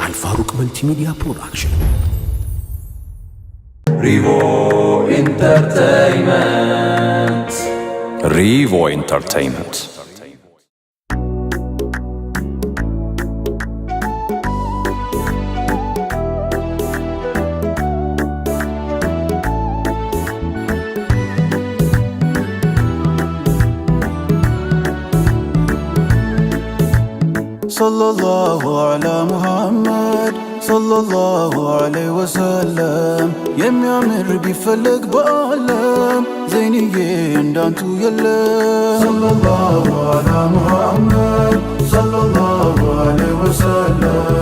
Alfaruq Multimedia Production. Revo Entertainment. Revo Entertainment. ሰለላሁ ዐላ ሙሐመድ ሰለላሁ ዐለይሂ ወሰለም የሚያምር ቢፈለግ በዓለም ዘይንዬ እንዳንቱ የለም። ሰለላሁ ዐላ ሙሐመድ ሰለላሁ ዐለይሂ ወሰለም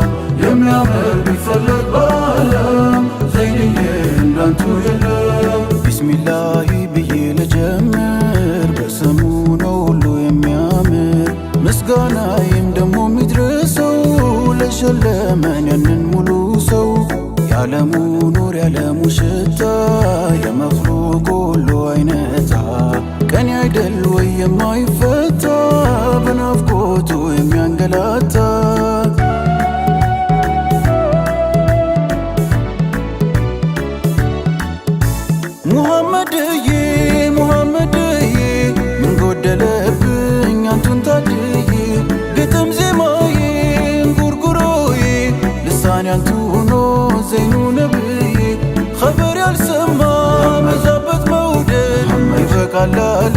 የሸለመን ያንን ሙሉ ሰው የዓለሙ ኑር የዓለሙ ሽታ የመክሉቅ ሁሉ አይነታ ቀን አይደል ወይ የማይፈታ በናፍቆቱ የሚያንገላታ ኸበር ያልሰማ በዛበት መውደድ ይበቃል አለ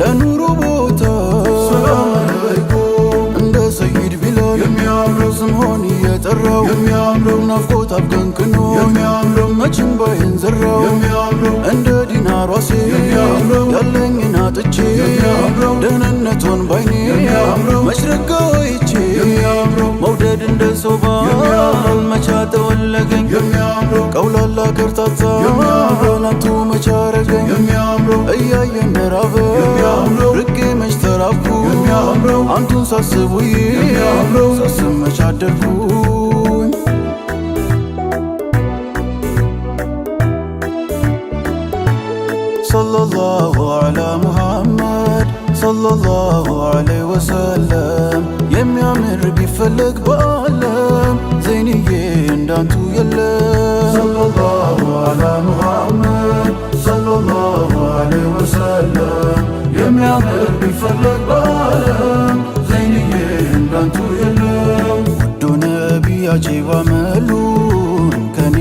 ለኑሮ ቦታ እንደ ሰይድ ቢላል የሚያምረው ስምሆን ሆን እየጠራው የሚያምረው ናፍቆት አብገንክኖ የሚያምረው መችን ባይን ዘራው እንደ ዲና ሯሴ ያለኝን አጥቼ ደህንነቷን ባይኔ መሽረጋ ይቼ መውደድ እንደ ሶባ መቻ ተወለገኝ ቀውላላ ከርታታ ናቱ መቻረገኝ ترابو رقي مش ترابو አንቱን ሳስቡኝ ሳስመቻደርኩኝ ሰለላሁ ዐላ ሙሐመድ ሰለላሁ ዐለይሂ ወሰለም የሚያምር ቢፈለግ በዓለም ዘይንዬ እንዳንቱ በሰላም የሚያምር ቢፈለግ በዓለም ዘይንዬ እንዳንቱ የለው ውዱ ነቢያቼባ መሉን ከኔ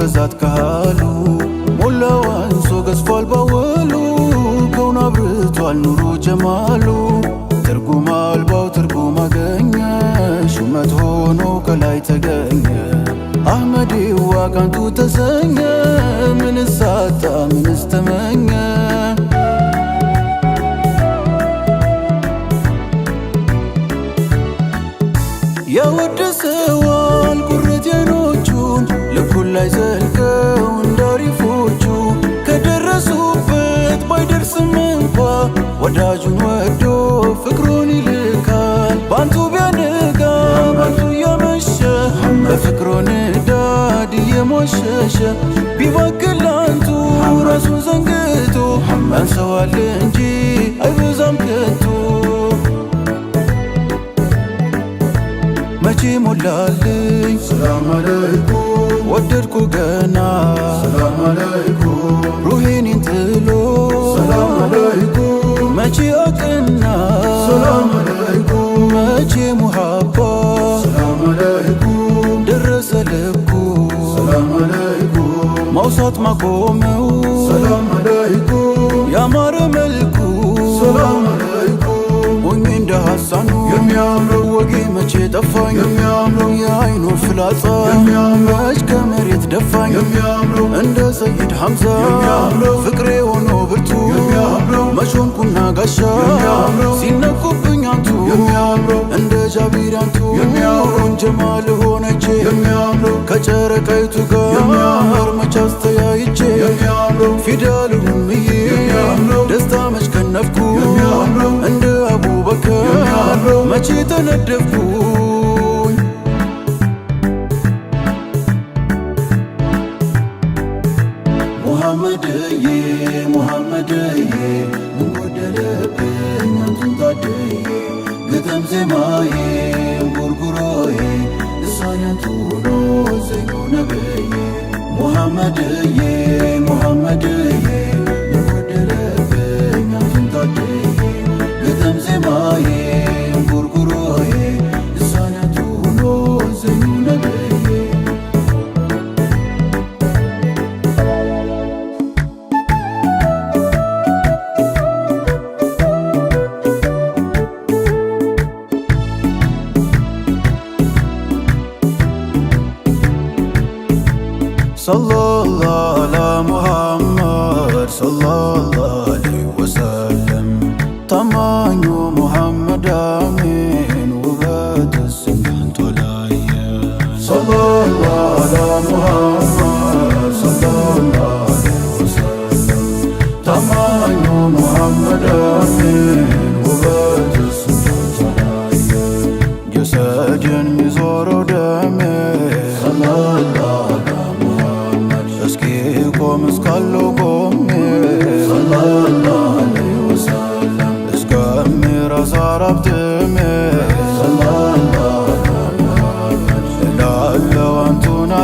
ከዛት ካሉ ሞላ ዋንሶ ገዝፏል ባወሉ ከውን አብርቷል ኑሩ ጀማሉ ትርጉም አልባው ትርጉም አገኘ ሹመት ሆኖ ከላይ ተገኘ አህመዴዋ ካንቱ ተሰኘ ምንሳጣ ምንስተመኘ ወዳጁን ወዶ ፍቅሩን ይልካል ባንቱ ቢያነጋ ባንቱ እያመሸ በፍቅሮ ንዳድ እየሞሸሸ ቢባክል ራሱን ዘንግቶ አንሰዋል እንጂ ደፋኝ እንደ ሰይድ ሐምዛ ፍቅሬ ሆኖ ብርቱ መሾንኩና ጋሻ ሲነኩብኝ አንቱ እንደ ጃቢር አንቱ ጀማ ልሆነቼ ከጨረቃይቱ ጋር መች አስተያይቼ ፊዳል ሁምዬ ደስታ መች ከነፍኩ እንደ አቡበከር መቼ ተነደፍኩ መድረዬ እንጎደለብኝ አንቱን ታድዬ ግጥም ዜማዬ እንጉርጉሮዬ ልሳኔ አንቱ ሆኖ ዘይኖ ነብዬ ሙሐመድዬ ሙሐመድ sallallahu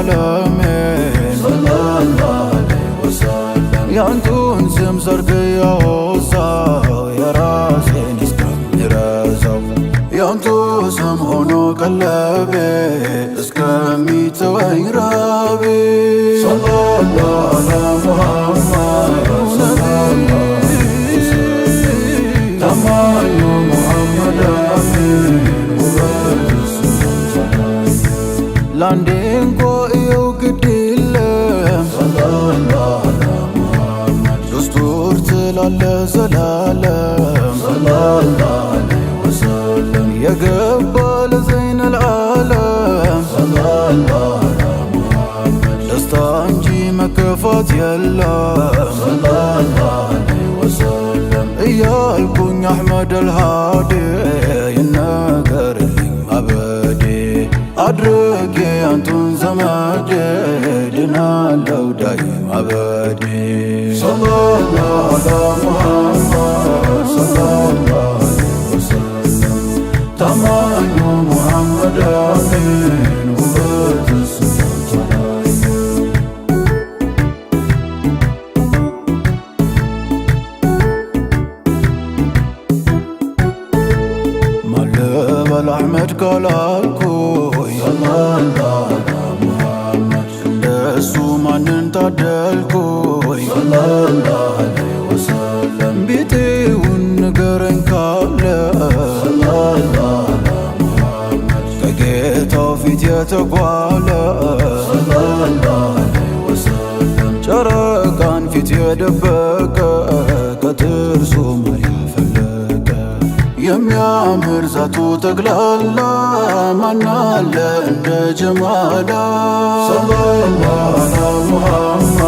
me. የለም እያልኩኝ አሕመድ አልሃዲ ይነገርልኝ አበዴ አድርጌ አንቱን ዘመዴ ድናለው ዳይም አበዴ ሰላ ተንገላልኩኝ እንደሱ ማንን ታደልኩኝ ቤቴውን ንገረኝ ካለ ከጌታው ፊት የተጓለ ስንቱ ማናለ እንደ ጀማላ ሙሐመድ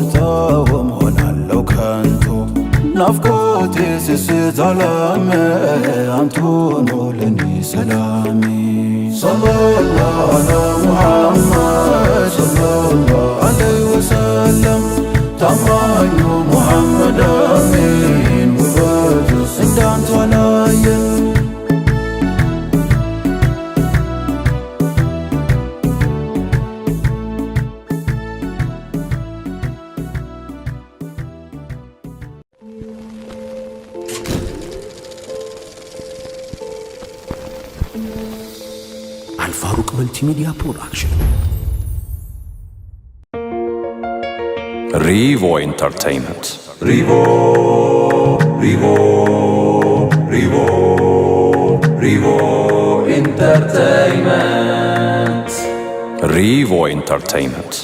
አልተውም ሆናለው ከንቱ ናፍቆቴ ስስት አላም አንቱኑ ለኒ ሰላሚ ሰለላሁ አላ ሙሐመድ ሰለላሁ አለይ ወሰለም ታማኙ ሙሐመድ አሚን ፋሩቅ መልቲሚዲያ ፕሮዳክሽን ሪቮ ኢንተርቴይንመንት ሪቮ ሪቮ ሪቮ ሪቮ ኢንተርቴይንመንት ሪቮ ኢንተርቴይንመንት